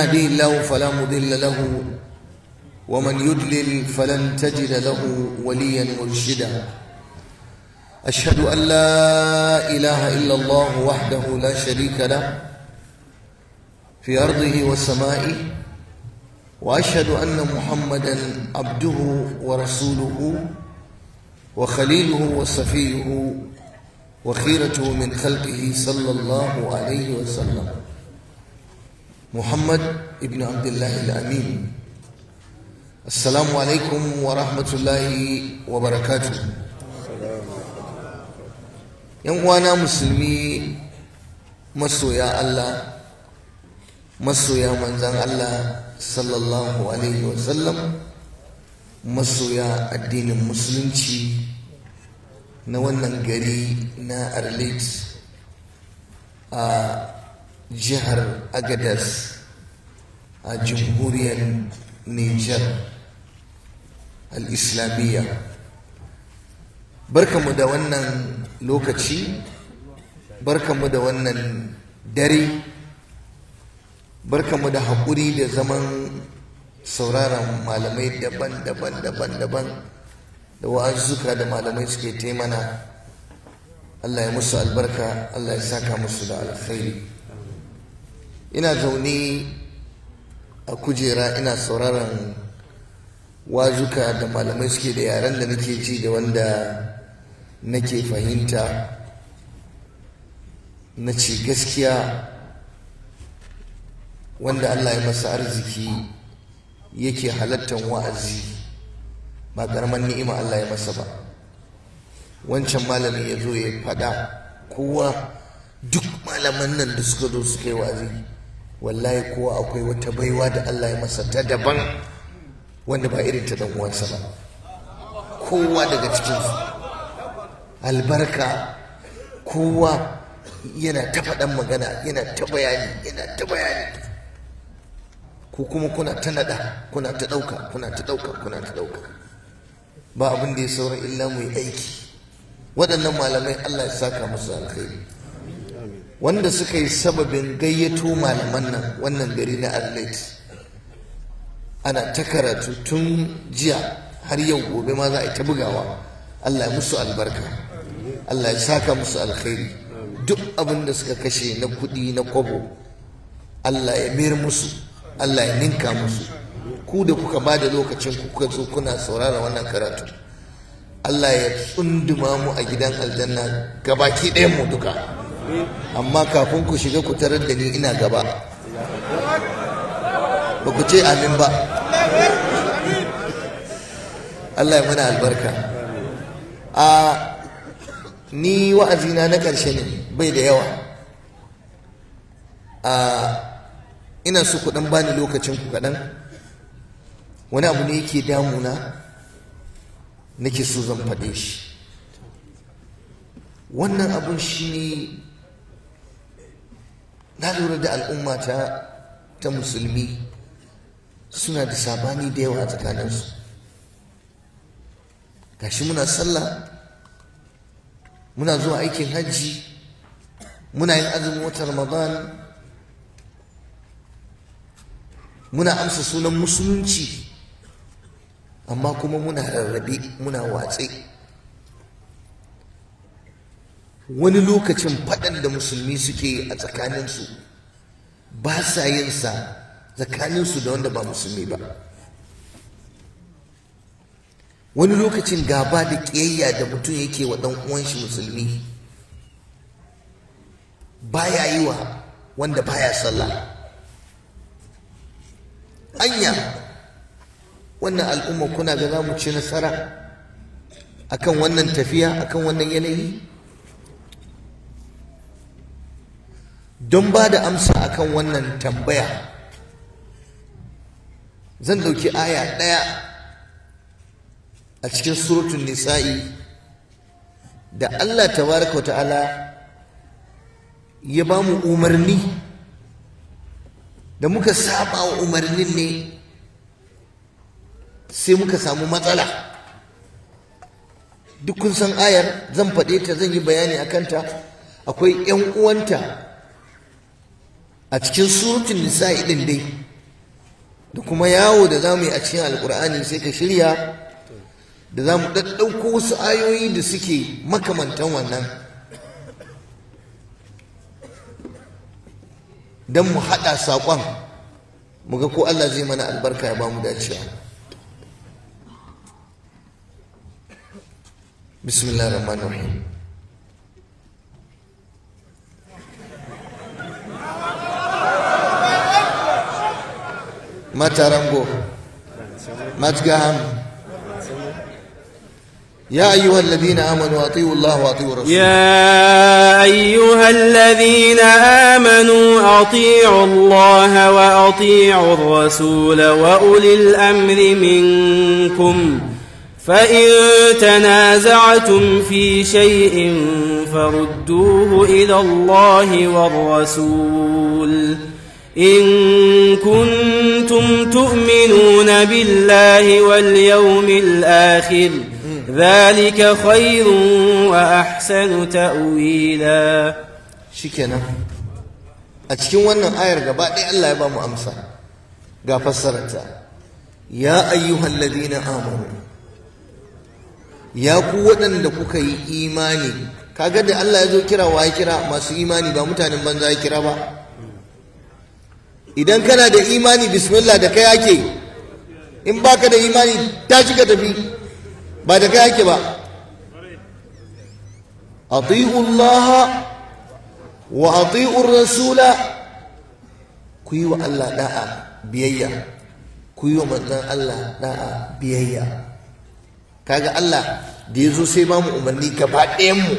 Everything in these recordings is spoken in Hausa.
يهدي الله فلا مضل له ومن يدلل فلن تجد له وليا مرشدا أشهد أن لا إله إلا الله وحده لا شريك له في أرضه وسمائه وأشهد أن محمدا عبده ورسوله وخليله وصفيه وخيرته من خلقه صلى الله عليه وسلم محمد ابن عبد الله الامين السلام wa ورحمه الله وبركاته ‘Yan uwana musulmi masoya Allah, masoya manzan Allah sallallahu Alaihi wasallam, masoya addinin musulunci na wannan gari na Arlit a jihar agadas a jamhuriyar niger al-islamiyya barkamu da wannan lokaci barkamu da wannan dare barkamu da haƙuri da zaman sauraron malamai daban-daban daban-daban da wa'azuka da malamai suke taimana Allah ya musu albarka Allah ya saka musu da alkhairi ina zaune a kujera ina sauraron wajuka da malamai suke da yaren da nake ji da wanda nake fahimta na ce gaskiya wanda allah ya masa arziki yake halattan wa'azi ba karaman ni'ima allah ya masa ba wancan malami ya zo ya faɗa kowa duk malaman nan da suka zo suka yi wa'azi wallahi kowa akwai wata baiwa da Allah ya masa ta daban wanda ba irin ta dan uwansa ba kowa daga cikinsu albarka kowa yana ta faɗan magana yana ta bayani yana ta bayani ko kuma kuna ta naɗa kuna ta ɗauka kuna ta ɗauka kuna ta ɗauka ba abin da ya saura illa mu yi aiki waɗannan malamai Allah ya saka musu alkhairi wanda suka yi sababin gayyato malaman nan wannan gari na arlet ana ta karatu tun jiya har yau gobe ma za a yi ta bugawa allah ya musu albarka allah ya saka musu alkhairi duk abin da suka kashe na kudi na kwabo allah ya mayar musu allah ya ninka musu ku da kuka ba da lokacin ku kuka zo kuna saurara wannan karatu allah ya tsunduma mu a gidan aljanna baki ɗayan mu duka amma kafin ku shiga ku tarar da ni ina gaba ba ku ce amin ba Allah ya muna albarka a ni wa'azina na ƙarshe ne bai da yawa a ina so kuɗin ba bani lokacin ku kaɗan wani abu ne yake damuna nake so zan faɗe shi wannan abun shi ne na lura da al'umma ta ta musulmi suna da sabani da yawa tsakaninsu gashi muna sallah muna zuwa aikin hajji muna yin azumin watan ramadan muna amsa sunan musulunci amma kuma muna rarrabe muna watse wani lokacin faɗan da musulmi suke yi a tsakaninsu ba sa yin sa tsakaninsu da wanda ba musulmi ba wani lokacin gaba da ƙiyayya da mutum yake wa ɗan uwan shi musulmi baya yi wa wanda ya sallah anya wannan al'umma kuna ga za mu ci nasara akan wannan tafiya akan wannan yanayi don ba da amsa akan wannan tambaya zan ɗauki aya ɗaya a cikin suratun nisa'i da Allah tabaraka wa ta'ala ya ba mu umarni da muka saba wa umarnin ne sai muka samu matsala duk kun san ayar zan faɗe ta zan yi bayani a kanta akwai 'yan uwanta a cikin surutun nisa idin dai da kuma yawo da za mu yi a cikin alkur'ani sai ka shirya da za mu ɗaɗɗauko wasu ayoyi da suke makamantan wannan don mu haɗa saƙon mu ga ko Allah zai mana albarka ya ba mu dacewa bismillahir rahmanir rahim ما متقهم يا أيها الذين آمنوا أطيعوا الله وأطيعوا الرسول يا أيها الذين آمنوا أطيعوا الله وأطيعوا الرسول وأولي الأمر منكم فإن تنازعتم في شيء فردوه إلى الله والرسول إن كنتم تؤمنون بالله واليوم الآخر ذلك خير وأحسن تأويلا شكنا أتكون وانا آير قبا إيه الله يبامو أمسا قابا يا أيها الذين آمنوا يا قوة لكوك إيماني كاقد الله يزو كرا ما سيماني إيماني بامتان بانزا idan kana da imani bismillah da kai ake in baka da imani ta shiga tafi ba da kai ake ba ati'u Allah wa ati'u rasula ku yi wa Allah da'a biyayya ku yi wa manzon Allah da'a biyayya kaga Allah da ya zo sai ba mu umarni gaba ɗayan mu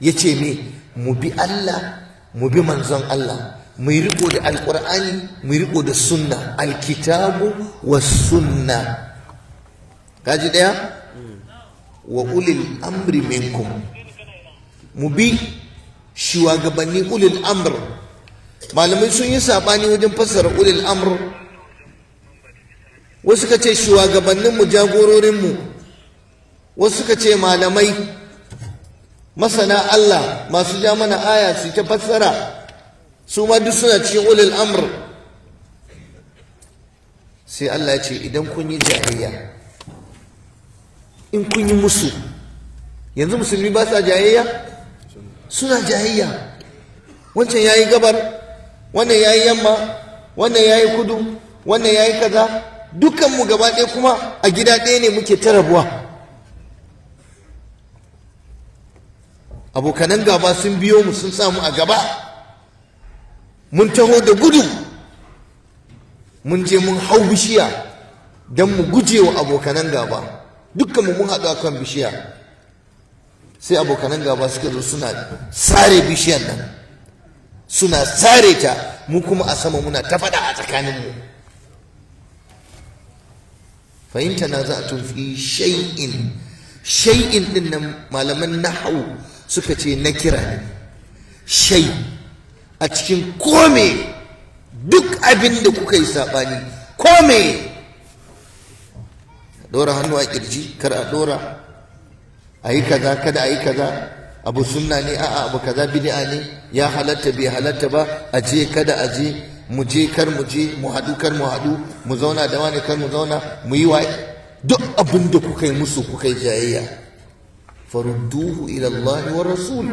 ya ce me mu bi Allah mu bi manzon Allah mu riko da alkur'ani mu riko da sunna alkitabu wa sunna kaji daya wa ulil amri minkum mu bi shuwagabanni ulil amr malamai sun yi sabani wajen fassara ulil amr wasu ka ce shugabanninmu jagororinmu wasu ka ce malamai masana Allah masu ja mana aya su ta fassara su ma duk suna cikin ulil amr sai Allah ya ce idan kun yi jayayya in kun yi musu yanzu musulmi ba sa jayayya suna jayayya wancan yayi gabar wannan yayi yamma wannan yayi kudu wannan yayi kaza dukkan mu gaba ɗaya kuma a gida ɗaya ne muke ta rabuwa abokanan gaba sun biyo mu sun samu a gaba mun taho da gudu mun je mun hau bishiya don mu guje wa abokanan gaba dukkan mu mun haɗu kan bishiya sai abokanan gaba suka zo suna sare bishiyan nan suna sare ta mu kuma a sama muna ta faɗa a mu fahimta na za a tufi shay'in shay'in ɗin nan malaman nahau suka ce na kira ne shay'in a cikin kome duk abin da kuka yi saɓani kome ɗora hannu a ƙirji kar a ɗora a yi kaza kada a yi kaza abu sunna ne a'a abu kaza bid'a ne ya halatta bai halatta ba a je kada a je mu je kar mu je mu haɗu kar mu haɗu mu zauna da wani kar mu zauna mu yi wa duk abin da kuka yi musu kuka yi jayayya farudduhu ila Allah wa rasul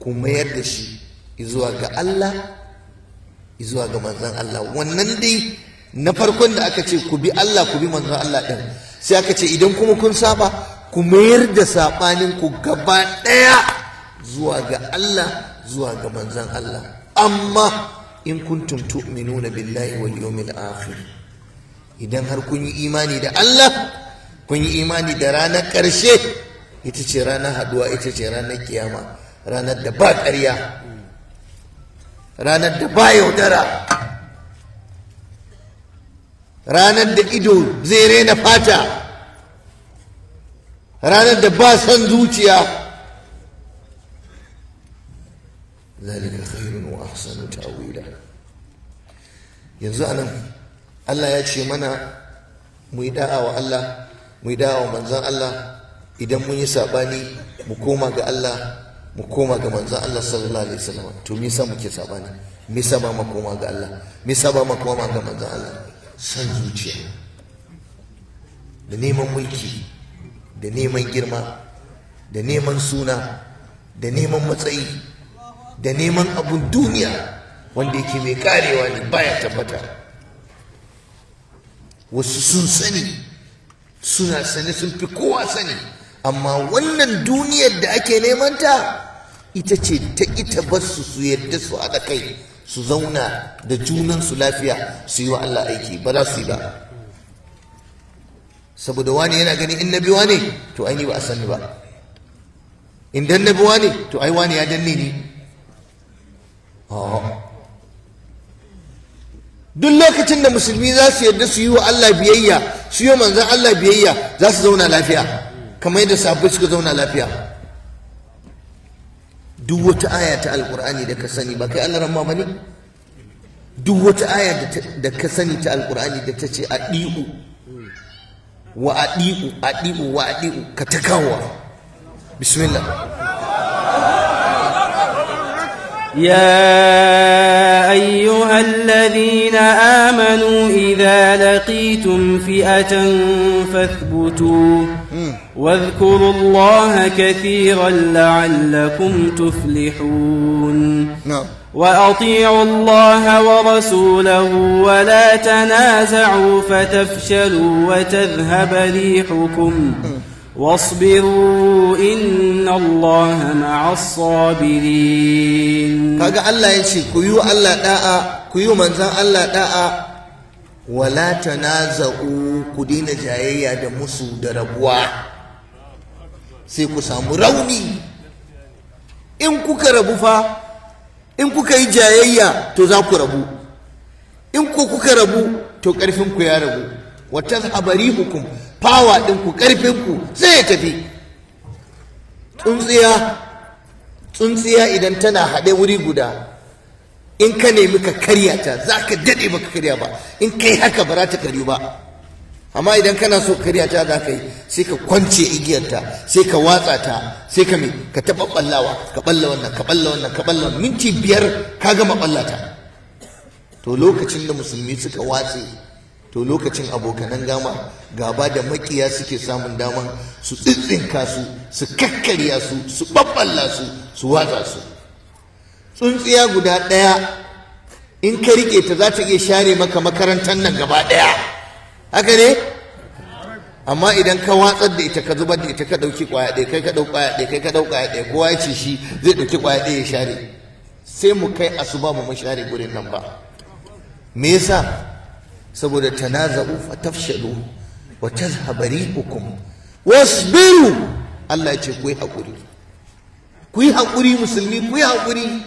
ku mayar da shi zuwa ga Allah zuwa ga manzon Allah wannan dai na farkon da aka ce ku bi Allah ku bi manzon Allah din sai aka ce idan kuma kun saba ku mayar da sabanin ku gaba daya zuwa ga Allah zuwa ga manzon Allah amma in kuntum tu'minuna billahi wal yawmil akhir idan har kun yi imani da Allah kun yi imani da ranar ƙarshe ita ce ranar haduwa ita ce ranar kiyama ranar da ba ƙarya ranar da ba yaudara ranar da ido zai rena fata ranar da ba son zuciya zalika khairun wa ahsanu ta'wila yanzu anan Allah ya ce mana mu yi da'a wa Allah mu yi da'a wa manzon Allah idan mun yi sabani mu koma ga Allah mu koma ga manzo Allah sallallahu alaihi wasallam to me yasa muke sabani me yasa ba mu koma ga Allah me yasa ba mu koma ga manzo Allah san zuciya da neman mulki da neman girma da neman suna da neman matsayi da neman abun duniya wanda yake mai karewa ne baya tabbata wasu sun sani suna sani sun fi kowa sani amma wannan duniyar da ake neman ta ita ce ta ita ba su yadda su haɗa kai su zauna da junansu lafiya su yi wa Allah aiki ba za su yi ba saboda wani yana gani in nabi wani to ai ni ba a sani ba in dan nabi wani to ai wani ya danne ni duk lokacin da musulmi za su yarda su yi wa Allah biyayya su yi manzan Allah biyayya za su zauna lafiya kamar yadda sahabbai suka zauna lafiya duk wata aya ta alkur'ani da ka sani ba kai Allah ramma bane duk wata aya da ka sani ta alkur'ani da ta ce adi'u wa adi'u adi'u wa adi'u ka ta kawo bismillah يا أيها الذين آمنوا إذا لقيتم فئة فاثبتوا واذكروا الله كثيرا لعلكم تفلحون نعم وأطيعوا الله ورسوله ولا تنازعوا فتفشلوا وتذهب ريحكم واصبروا إن الله مع الصابرين كاجا الله يشي كيو الله داء كيو منزان الله داء wala ta tanaza'u ku daina jayayya da musu da rabuwa sai ku samu rauni in kuka rabu fa in kuka yi jayayya to za ku rabu in ku kuka rabu to ƙarfinku ya rabu wata habari hukum fawa ɗinku ƙarfinku sai ya tafi tsuntsiya idan tana haɗe wuri guda in ka nemi ka karya ta za ka daɗe ka karya ba in kai haka ba za ta karyu ba amma idan kana so karya ta za ka yi sai ka kwance igiyarta sai ka watsa ta sai ka mai ka taɓa ɓallawa ka ɓalla wannan ka ɓalla wannan ka ɓalla minti biyar ka gama ɓalla ta to lokacin da musulmi suka watse to lokacin abokanan gama gaba da makiya suke samun daman su tsintsinka su su kakkarya su su ɓaɓɓalla su su watsa su tsuntsiya guda ɗaya in ka riƙe ta za ta iya share maka makarantar nan gaba ɗaya haka ne amma idan ka watsar da ita ka zubar da ita ka ɗauki ƙwaya ɗaya kai ka ɗau ƙwaya ɗaya kai ka ɗau ƙwaya ɗaya kowa ya ce shi zai ɗauki ƙwaya ɗaya ya share sai mu kai ba mu share gurin nan ba me yasa saboda tanaza'u fa tafshalu wa tazhaba rihukum wasbiru Allah ya ce ku yi haƙuri ku yi haƙuri musulmi ku yi haƙuri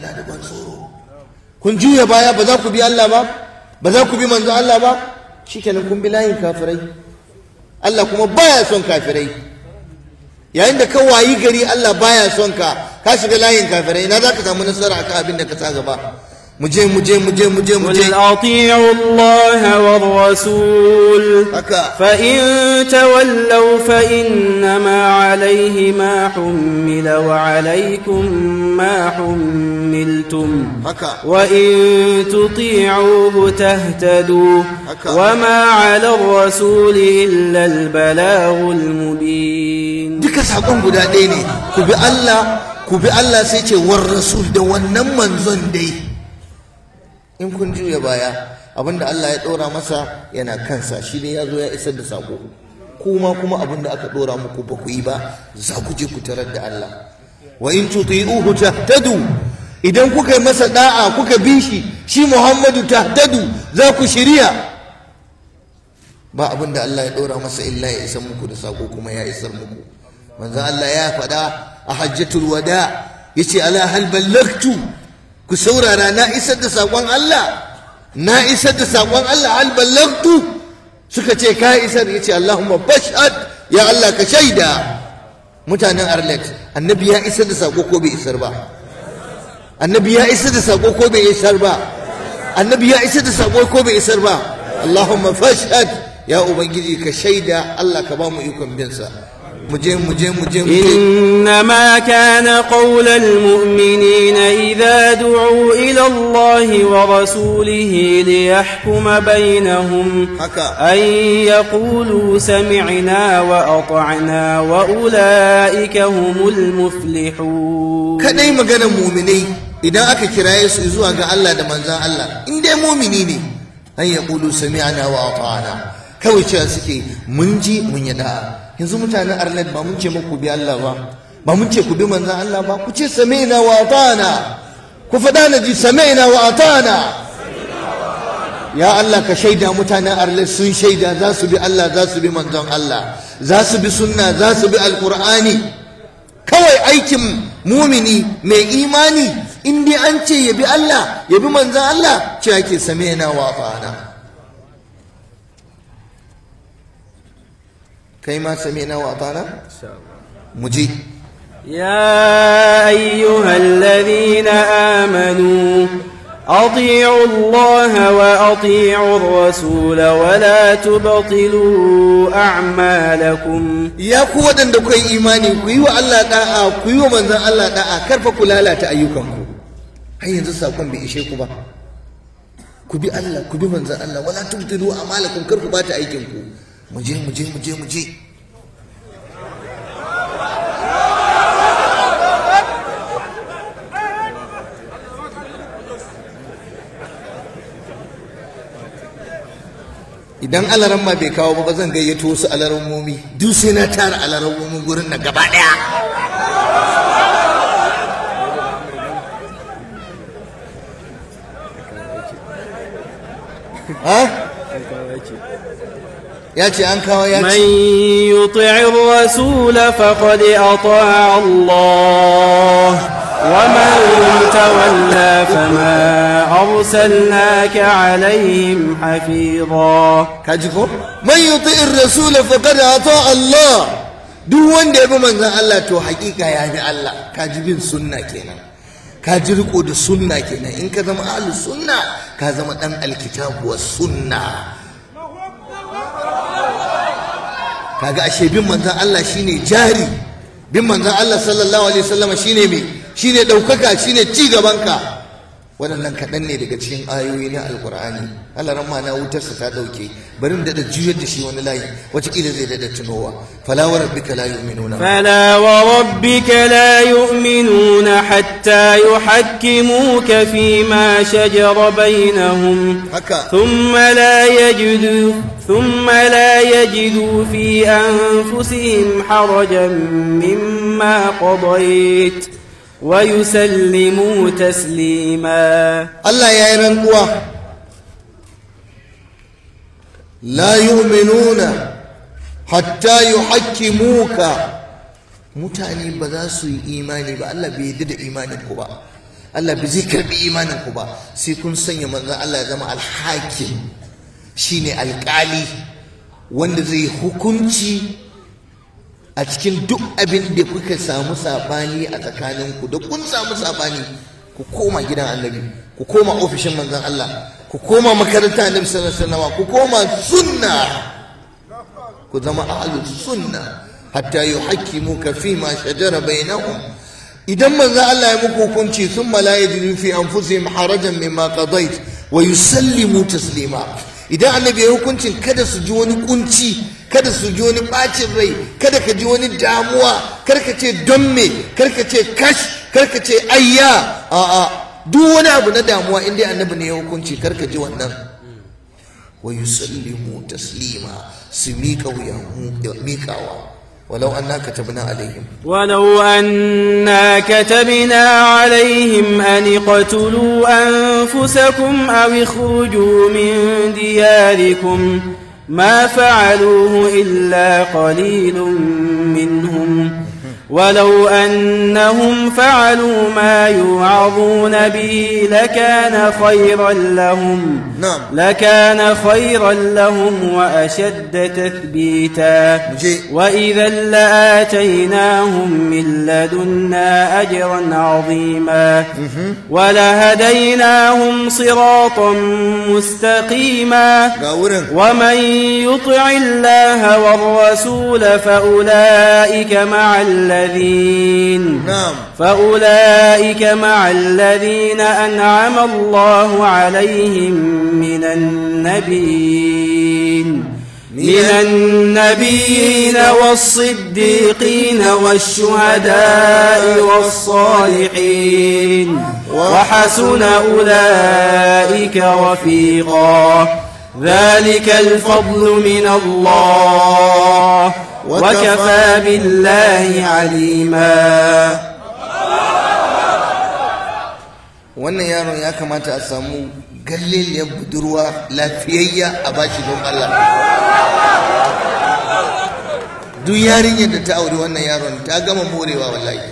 tana da ban tsoro kun juya baya ba za ku bi Allah ba ba za ku bi manzo Allah ba shikenan kun bi layin kafirai Allah kuma baya son kafirai yayin da ka wayi gari Allah baya son ka ka shiga layin kafirai na za ka samu nasara akan abin da ka sa gaba مجي مجي مجي مجي مجي قل اطيعوا الله والرسول فإن تولوا فإنما عليه ما حمل وعليكم ما حملتم وإن تطيعوه تهتدوا وما على الرسول إلا البلاغ المبين ديك ساقون غدا ديني كبي الله كبي الله سيتي والرسول ده wannan زندي in kun juya baya abinda Allah ya ɗora masa yana kansa shi ne ya zo ya isar da sako kuma kuma abinda aka ɗora muku ba ku yi ba za ku je ku tarar da Allah wa in tuti'uhu tahtadu idan kuka yi masa da'a kuka bi shi shi Muhammadu tahtadu za ku shirya ba abinda Allah ya ɗora masa illa ya isar muku da sako kuma ya isar muku manzo Allah ya faɗa a hajjatul wada yace ala hal ballagtu ku saurara na isar da saƙon Allah na isar da saƙon Allah al ballagtu suka ce ka isar ya yace Allahumma bashhad ya Allah ka shaida mutanen Arlet annabi ya isar da saƙo ko bai isar ba annabi ya isar da saƙo ko bai isar ba annabi ya isar da saƙo ko bai isar ba Allahumma fashhad ya ubangiji ka shaida Allah ka ba mu ikon bin sa إنما كان قول المؤمنين إذا دعوا إلى الله ورسوله ليحكم بينهم أن يقولوا سمعنا وأطعنا وأولئك هم المفلحون كدي مغانا مؤمني إذا أكا كرايس إزوها الله دمزا الله إن دي مؤمنين أن يقولوا سمعنا وأطعنا كوي شاسكي منجي من يدعى yanzu mutanen arlet ba mun ce muku bi Allah ba ba mun ce ku bi manzan Allah ba ku ce sami'na wa ata'na ku faɗa na ji sami'na wa ata'na ya Allah ka shaida mutanen arlet sun shaida za su bi Allah za su bi manzan Allah za su bi sunna za su bi alqur'ani kawai aikin mumini mai imani in dai an ce ya bi Allah ya bi manzan Allah ce ake sami'na wa ata'na kai ma sami'na wa atana mu ji ya ayyuhal ladina amanu أطيعوا الله وأطيعوا الرسول ولا تبطلوا أعمالكم يا قوة دكوي إيماني كوي والله دعاء كوي ومن ذا الله دعاء كرفا كلا لا تأيوكم هاي ينزل ساقون بإشيكم كبي الله كبي من ذا الله ولا تبطلوا أعمالكم كرفا بات أيكمكم mu je mu je mu je mu je idan alaramma bai kawo ba zan gayyato wasu momi duk sai na tara momi gurin na gaba daya Huh? ya an kawo ya ce man yuti'ir rasul faqad ata'a Allah wa man tawalla fama arsalnaka alaihim hafiza kaji ko man Allah duk wanda ya bi manzon Allah to hakika ya bi Allah kaji bin sunna kenan ka ji riko da sunna kenan in ka zama ahlus sunna ka zama dan alkitabu was sunna kaga ashe bin manzan Allah shine jari bin manzan Allah sallallahu alaihi wasallam shine me shine daukaka shine ci gaban ka waɗannan kaɗan ne daga cikin ayoyi na alkur'ani allah ramma na wutarsa ta ɗauke bari mu daɗa juyar da shi wani layi wataƙila zai daɗa tunowa fala wa rabbika la yu'minuna fala wa rabbika la yu'minuna hatta yuhakkimuka fi ma shajara bainahum haka thumma la yajidu thumma la yajidu fi anfusihim harajan mimma qadayt wa yusallimu taslima Allah ya yi rantsuwa la yu'minuna hatta mutane ba za su yi imani ba Allah bai yarda da imanin ku ba Allah bai zai karbi imanin ku ba sai kun sanya maza Allah ya zama alhakim shine alkali wanda zai hukunci a cikin duk abin da kuka samu sabani a tsakaninku da kun samu sabani, ku koma gidan annabi ku koma ofishin manzon Allah ku koma makaranta annabi sallallahu alaihi wasallam ku koma sunna ku zama ahlus sunna hatta yuhaqqimuka fi ma shajara bainahum idan manzon Allah ya muku hukunci thumma la yajidu fi anfusihim harajan mimma qadait wa yusallimu taslima idan annabi ya hukuncin kada su ji wani kunci kada su ji wani bacin rai kada ka ji wani damuwa kar ka ce don me kar ka ce kash kar ka ce ayya a a duk wani abu na damuwa in dai annabi ne ya hukunci kar ka ji wannan wa yusallimu taslima su miƙa wuya miƙawa ولو أنا كتبنا عليهم ولو أنا كتبنا عليهم أن اقتلوا أنفسكم أو اخرجوا من دياركم ما فعلوه إلا قليل منهم ولو أنهم فعلوا ما يوعظون به لكان خيرا لهم نعم لكان خيرا لهم وأشد تثبيتا وإذا لآتيناهم من لدنا أجرا عظيما ولهديناهم صراطا مستقيما ومن يطع الله والرسول فأولئك مع الذين الذين نعم فأولئك مع الذين أنعم الله عليهم من النبيين من النبيين والصديقين والشهداء والصالحين وحسن أولئك رفيقا ذلك الفضل من الله وكفى بالله عليما wannan yaron ya kamata a samu galliliyar budurwa lafiyayya a bashi don Allah duk yarinyar da ta auri wannan yaron ta gama morewa wallahi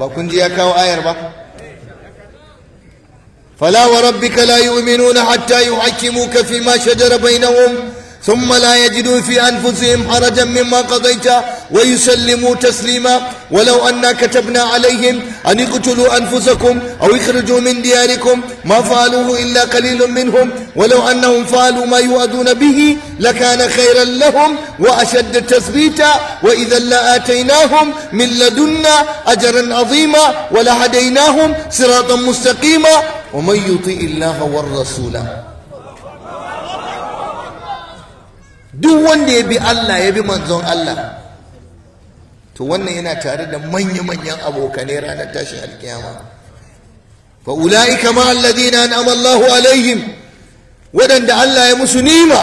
ba kun ji ya kawo ayar ba فلا وربك لا يؤمنون حتى يحكموك فيما شجر بينهم ثم لا يجدوا في أنفسهم حرجا مما قضيت ويسلموا تسليما ولو أنا كتبنا عليهم أن اقتلوا أنفسكم أو اخرجوا من دياركم ما فعلوه إلا قليل منهم ولو أنهم فعلوا ما يؤذون به لكان خيرا لهم وأشد تثبيتا وإذا لآتيناهم من لدنا أجرا عظيما ولهديناهم صراطا مستقيما ومن يطيع الله والرسول duk wanda ya bi Allah ya bi manzon Allah to wannan yana tare da manya-manyan abokanai ranar tashin alkiyama fa ula'ika ma alladina an'ama Allahu alaihim waɗanda Allah ya musu nima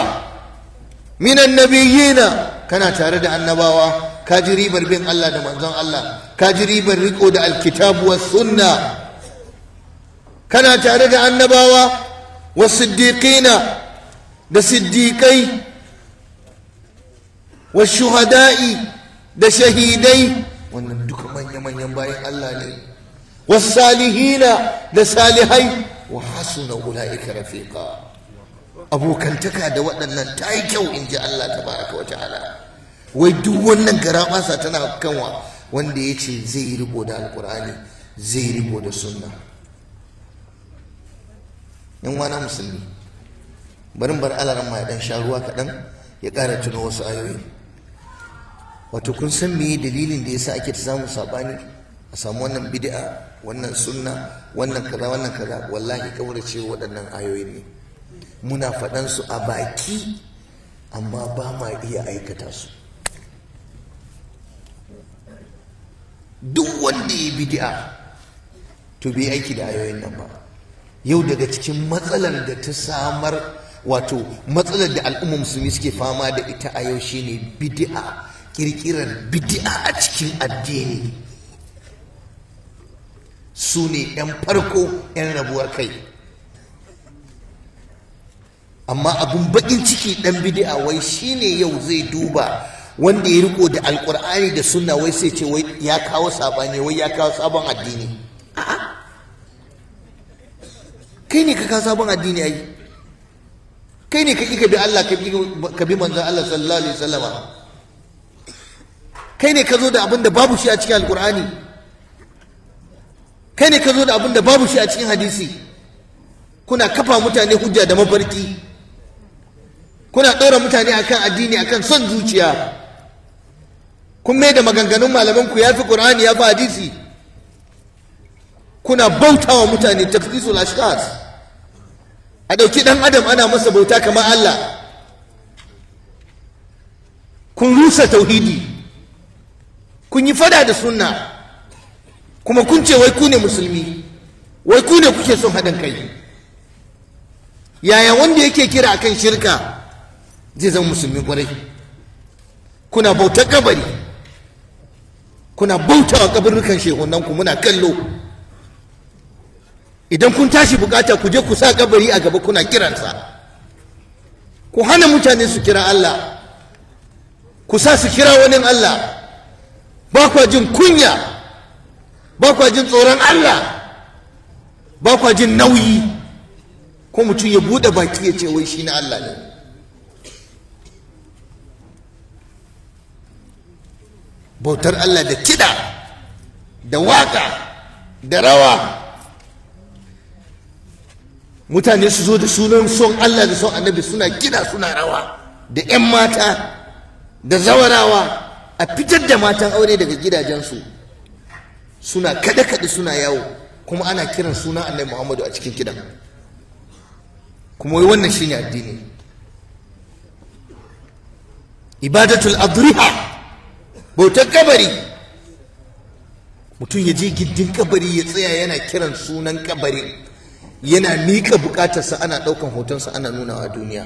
minan nabiyina kana tare da annabawa ka ji ribar bin Allah da manzon Allah ka ji ribar riko da alkitabu was sunna kana tare da annabawa wa siddiqina da siddiqai wa shuhada'i da shahidai wannan duka manya-manyan bayan Allah ne wa salihina da salihai wa hasuna ula'ika rafiqa abokantaka da waɗannan ta yi kyau in ji Allah ta baraka wa ta'ala wai duk wannan karamasa tana kanwa wanda ya ce zai yi riko da alƙur'ani zai yi riko da sunna yan wana musulmi barin bar alaran ma ya dan sha ruwa kaɗan ya ƙara tuno wasu ayoyi wato kun san meye dalilin da yasa ake ta samu saɓani a samu wannan bid'a wannan sunna wannan kaza wannan kaza wallahi ce waɗannan ayoyi ne muna faɗan su a baki amma ba ma iya aikata su duk wanda ya bid'a to bai aiki da ayoyin nan ba yau daga cikin matsalar da ta samar wato matsalar da al'ummar musulmi suke fama da ita a yau shine bid'a kirkirar bid'a a cikin addini su ne 'yan farko 'yan rabuwar kai amma abin bakin ciki dan bid'a wai shine yau zai duba wanda ya riko da alkur'ani da sunna wai sai ce wai ya kawo sabani wai ya kawo sabon addini a'a kai ne ka ka sabon addini ai kai ne ka kika ka bi Allah ka bi manzon Allah sallallahu alaihi wasallama kai ne ka zo da abin da babu shi a cikin alqur'ani kai ne ka zo da abin da babu shi a cikin hadisi kuna kafa mutane hujja da mafarki kuna ɗora mutane akan addini akan son zuciya kun mai da maganganun malaman ku yafi qur'ani yafi hadisi kuna bautawa mutane tafsisul ashkhas a ɗauki ɗan adam ana masa bauta kamar Allah kun rusa tauhidi kun yi fada da sunna kuma kun ce wai ku ne musulmi wai ku ne kuke son haɗin kai yaya wanda yake kira a kan shirka zai zama musulmi kwarai kuna bautar kabari kuna bautawa ƙabarrukan shehunanku muna kallo idan kun tashi bukata ku je ku sa kabari a gaba kuna kiransa ku hana mutane su kira Allah ku sa su kira wani Allah ba kwa jin kunya ba kwa jin tsoron Allah ba kwa jin nauyi ko mutum ya bude baki ya ce wai shi na Allah ne bautar Allah da kiɗa da waƙa da rawa mutane su zo da sunan son Allah da son annabi suna gida suna rawa da 'yan mata da zawarawa a fitar da matan aure daga gidajensu suna kaɗe-kaɗe suna yawo kuma ana kiran sunan annabi muhammadu a cikin gidan. kuma wai wannan shine addini ibadatul adriha bautar kabari mutum ya je gindin kabari ya tsaya yana kiran sunan kabarin yana miƙa buƙatarsa ana ɗaukan hotonsa ana nunawa duniya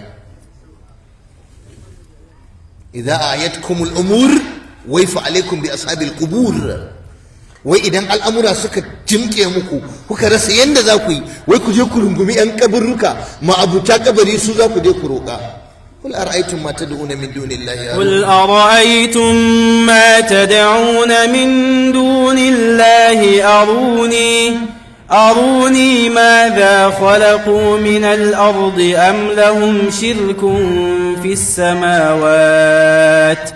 idza ayatkum al-umur waifa bi ashabil qubur wai idan al'amura suka jimke muku kuka rasa yadda za ku yi wai ku je ku rungumi yan kaburruka ma'abuta kabari su za ku je ku roƙa قل أرأيتم ما تدعون من دون الله قل أرأيتم ما تدعون من دون الله أروني أروني ماذا خلقوا من الأرض أم لهم شرك في السماوات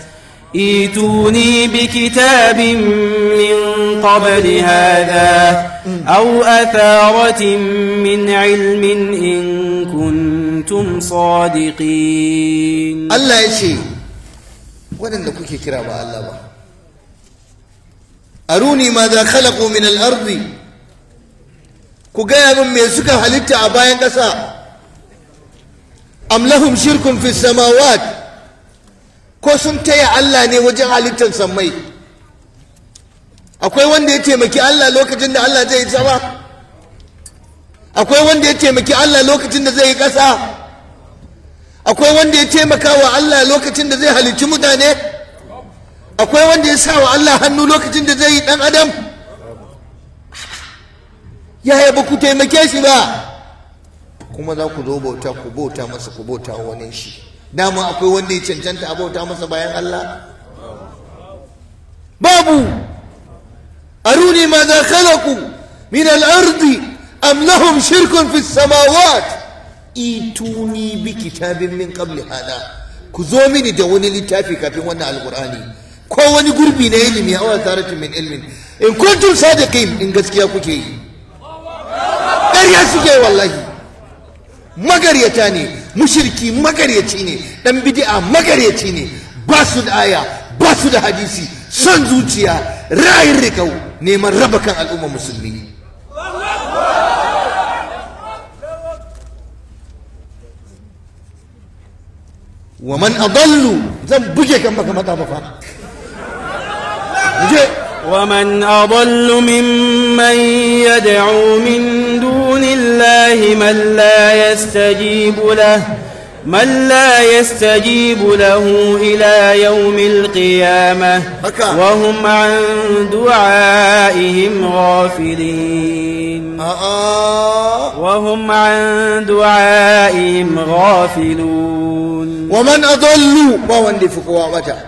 ايتوني بكتاب من قبل هذا أو أثارة من علم إن كنتم صادقين الله يشي ولن نكوكي كرابة الله أروني ماذا خلقوا من الأرض ku gaya min me suka halitta a bayan ƙasa amlahum shirkun fi samawat ko sun taya Allah ne wajen halittar sammai akwai wanda ya taimaki Allah lokacin da Allah zai yi sama akwai wanda ya taimaki Allah lokacin da zai yi ƙasa akwai wanda ya taimaka wa Allah lokacin da zai halicci mutane akwai wanda ya sa wa Allah hannu lokacin da zai yi ɗan adam yaya ba ku taimake shi ba kuma za ku zo bauta ku bauta masa ku bauta wani shi dama akwai wanda ya cancanta a bauta masa bayan Allah babu aruni ma za khalaku min al-ardi am lahum shirkun fi samawat ituni bi kitabin min qabli hada ku zo mini da wani littafi kafin wannan alqur'ani ko wani gurbi na ilimi a tare min ilmin in kuntum sadiqin in gaskiya kuke yi ƙarya suke wallahi magaryata ne mushirki magaryaci ne dan bid'a magaryaci ne ba su da aya ba su da hadisi son zuciya ra'ayin rikau neman raba kan al'umma musulmi wa man adallu zan buge kan baka mata ba fa ومن أضل ممن يدعو من دون الله من لا يستجيب له من لا يستجيب له إلى يوم القيامة وهم عن دعائهم غافلين وهم عن دعائهم غافلون ومن أضل ما وندي فكوا بتا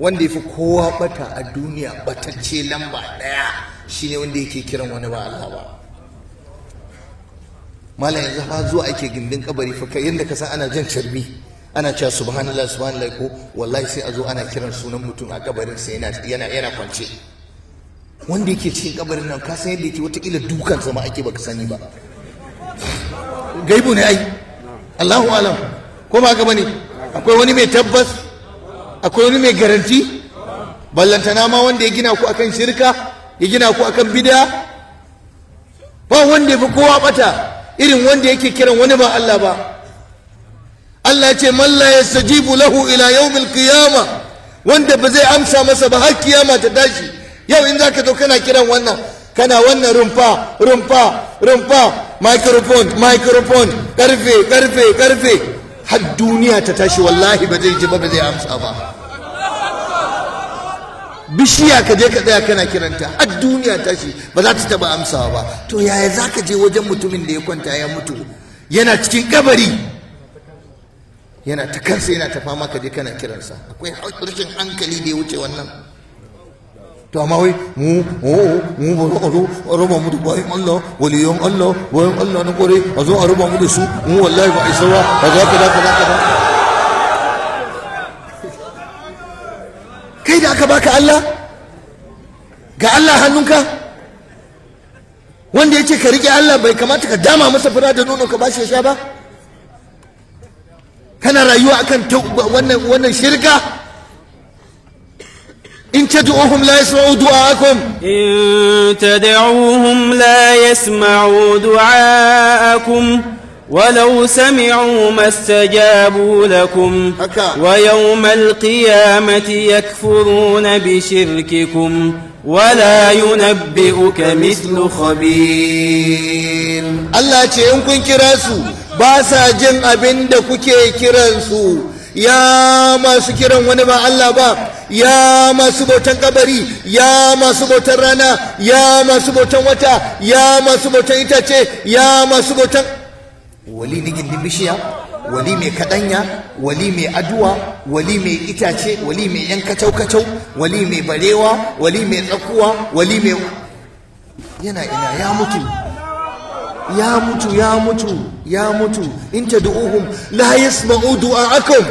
وندي فكوا بتا الدنيا بتا تشي لمبا شيني وندي كي كرم ونبا الله malam yanzu ha zuwa ake gindin kabari fa kai yanda ka san ana jan carbi ana cewa subhanallah subhanallah ko wallahi sai a zo ana kiran sunan mutum a kabarin sai yana yana yana kwance wanda yake cikin kabarin nan ka san yadda yake watakila dukan sama ake baka sani ba gaibu ne ai Allahu alam ko ba ka bane akwai wani mai tabbas akwai wani mai garanti ballantana ma wanda ya gina ku akan shirka ya gina ku akan bid'a ba wanda ya fi kowa bata irin wanda yake kiran wani ba Allah ba Allah ce man la yastajibu lahu ila yawmil qiyama wanda ba zai amsa masa ba har kiyama ta tashi yau in zaka zo kana kiran wannan kana wannan rumfa rumfa rumfa microphone microphone karfe karfe karfe har duniya ta tashi wallahi ba zai ji ba ba zai amsa ba bishiya ka je ka tsaya kana kiranta har duniya ta shi ba za ta taba amsawa ba to yaya za ka je wajen mutumin da ya kwanta ya mutu yana cikin kabari yana ta kansa yana ta fama ka je kana kiransa akwai rashin hankali da ya wuce wannan to amma wai mu mu mu ba zo a raba mu da bayan Allah waliyan Allah bayan Allah na kore a zo a raba mu da su mu wallahi ba a isa ba za kaza kaza kaza ka baka Allah ga Allah hannunka wanda yake ka rike Allah bai kamata ka dama masa fura da nono ka ba shi ya sha ba kana rayuwa akan wannan wannan shirka إن تدعوهم لا يسمعوا دعاءكم إن تدعوهم لا يسمعوا دعاءكم ولو سمعوا ما استجابوا لكم ويوم القيامة يكفرون بشرككم ولا ينبئك مثل خبير الله تعينكم كراسو باسا جن أبن دكوكي كراسو يا ما سكرم ونبع الله باب يا ما سبوتن قبري يا ما سبوتن رانا يا ما سبوتن وتا يا ما سبوتن إتاتي يا ما سبوتن wali na gindin bishiya wali mai kaɗanya wali mai aduwa wali mai itace wali mai yan kacau-kacau wali mai barewa wali mai tsakuwa wali mai yana ina ya mutu ya mutu ya mutu ya mutu in tad'uhum la yasma'u du'a'akum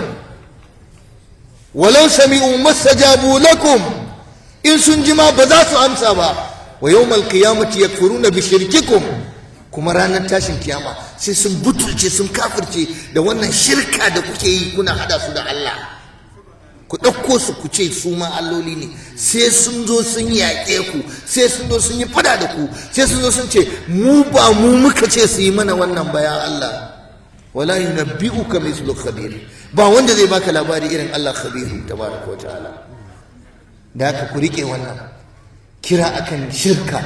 walau sami'u mastajabu lakum in sun jima ba za su amsa ba wa yawmal qiyamati yakfuruna bi shirkikum kuma ranar tashin kiyama sai sun butulce sun kafirce da wannan shirka da kuke yi kuna hada su da Allah ku ɗauko su ku ce su ma alloli ne sai sun zo sun yaƙe ku sai sun zo sun yi fada da ku sai sun zo sun ce mu ba mu muka ce su yi mana wannan bayan Allah wala yunabbi'uka mithlu khabir ba wanda zai baka labari irin Allah khabir tabaraka wa ta'ala da haka ku rike wannan kira akan shirka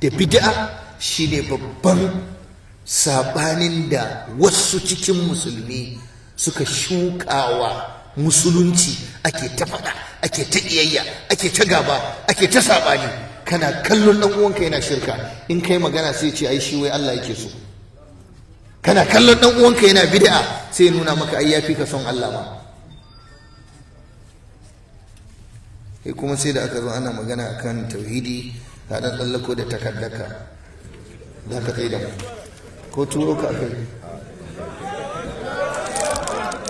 da bid'a shine babban saɓanin da wasu cikin musulmi suka shuka wa musulunci ake ta faɗa ake ta iyayya ake ta gaba ake ta saɓani kana kallon ɗan uwanka yana shirka in kai magana sai ce ai shi wai Allah yake so kana kallon ɗan uwanka yana bid'a sai nuna maka ai yafi ka son Allah ma kuma sai da aka zo ana magana akan tauhidi ka dan tsallako da takaddaka za ka tsaye da mu ko turo ka kai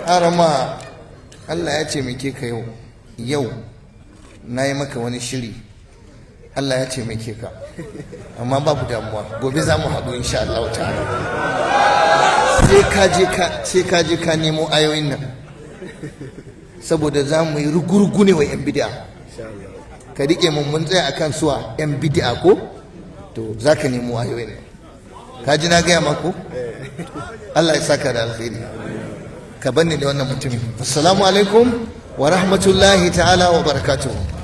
harama allah ya ce muke ka yau yau na yi maka wani shiri allah ya ce muke ka amma babu damuwa gobe za mu haɗu insha allah ta'ala sai ka je ka nemo ayoyin nan saboda za mu yi rugurgune wa 'yan bid'a ka riƙe mun mun tsaya akan suwa 'yan bid'a ko to za ka nemo ayoyin nan ka ji na gaya maku Allah ya saka da alkhairi ka banni da wannan mutumin assalamu alaikum wa rahmatullahi ta'ala wa barakatuhu